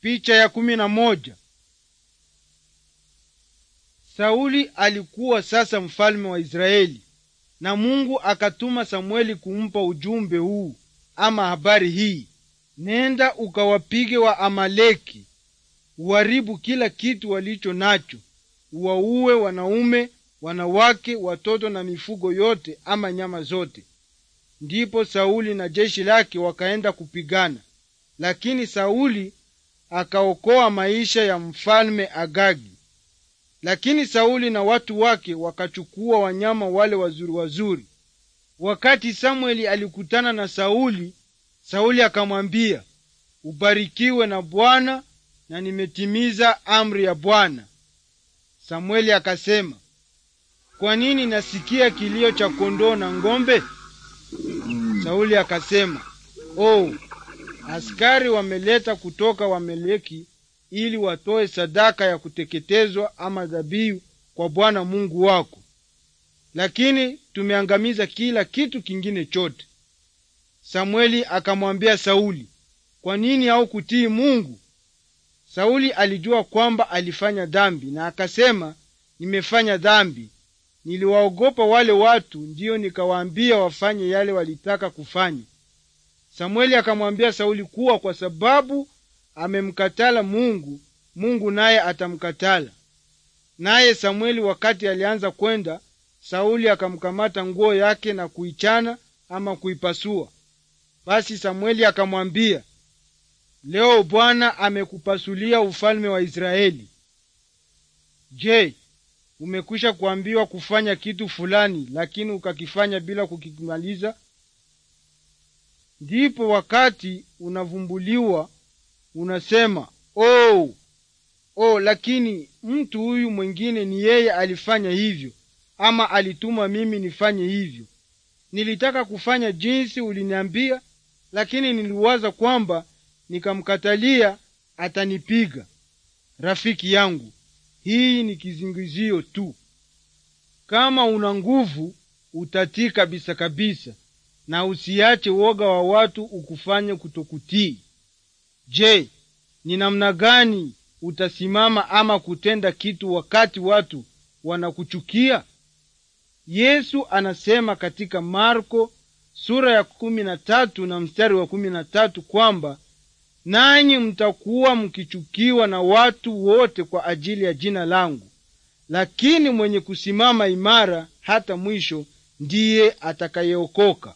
Picha ya kumi na moja. Sauli alikuwa sasa mfalme wa Israeli na Mungu akatuma Samueli kumpa ujumbe huu ama habari hii: nenda ukawapige wa Amaleki, uharibu kila kitu walicho nacho, uwaue wanaume, wanawake, watoto na mifugo yote ama nyama zote. Ndipo Sauli na jeshi lake wakaenda kupigana, lakini Sauli akaokoa maisha ya mfalme Agagi. Lakini Sauli na watu wake wakachukua wanyama wale wazuri wazuri. Wakati Samueli alikutana na Sauli, Sauli akamwambia, ubarikiwe na Bwana na nimetimiza amri ya Bwana. Samueli akasema, kwa nini nasikia kilio cha kondoo na ng'ombe? Sauli akasema, oh, Askari wameleta kutoka Wameleki ili watoe sadaka ya kuteketezwa ama dhabihu kwa Bwana Mungu wako, lakini tumeangamiza kila kitu kingine chote. Samueli akamwambia Sauli, kwa nini haukutii Mungu? Sauli alijua kwamba alifanya dhambi, na akasema, nimefanya dhambi, niliwaogopa wale watu, ndiyo nikawaambia wafanye yale walitaka kufanya. Samueli akamwambia Sauli kuwa kwa sababu amemkatala Mungu, Mungu naye atamkatala. Naye Samueli wakati alianza kwenda, Sauli akamkamata nguo yake na kuichana ama kuipasua. Basi Samueli akamwambia, leo Bwana amekupasulia ufalme wa Israeli. Je, umekwisha kuambiwa kufanya kitu fulani, lakini ukakifanya bila kukimaliza? ndipo wakati unavumbuliwa unasema oh, oh, lakini mtu huyu mwingine ni yeye alifanya hivyo, ama alituma mimi nifanye hivyo. Nilitaka kufanya jinsi uliniambia, lakini niliwaza kwamba nikamkatalia atanipiga. Rafiki yangu, hii ni kizingizio tu. Kama una nguvu, utatii kabisa kabisa na usiache woga wa watu ukufanye kutokutii. Je, ni namna gani utasimama ama kutenda kitu wakati watu wanakuchukia? Yesu anasema katika Marko sura ya kumi na tatu na mstari wa kumi na tatu kwamba nanyi mtakuwa mkichukiwa na watu wote kwa ajili ya jina langu, lakini mwenye kusimama imara hata mwisho ndiye atakayeokoka.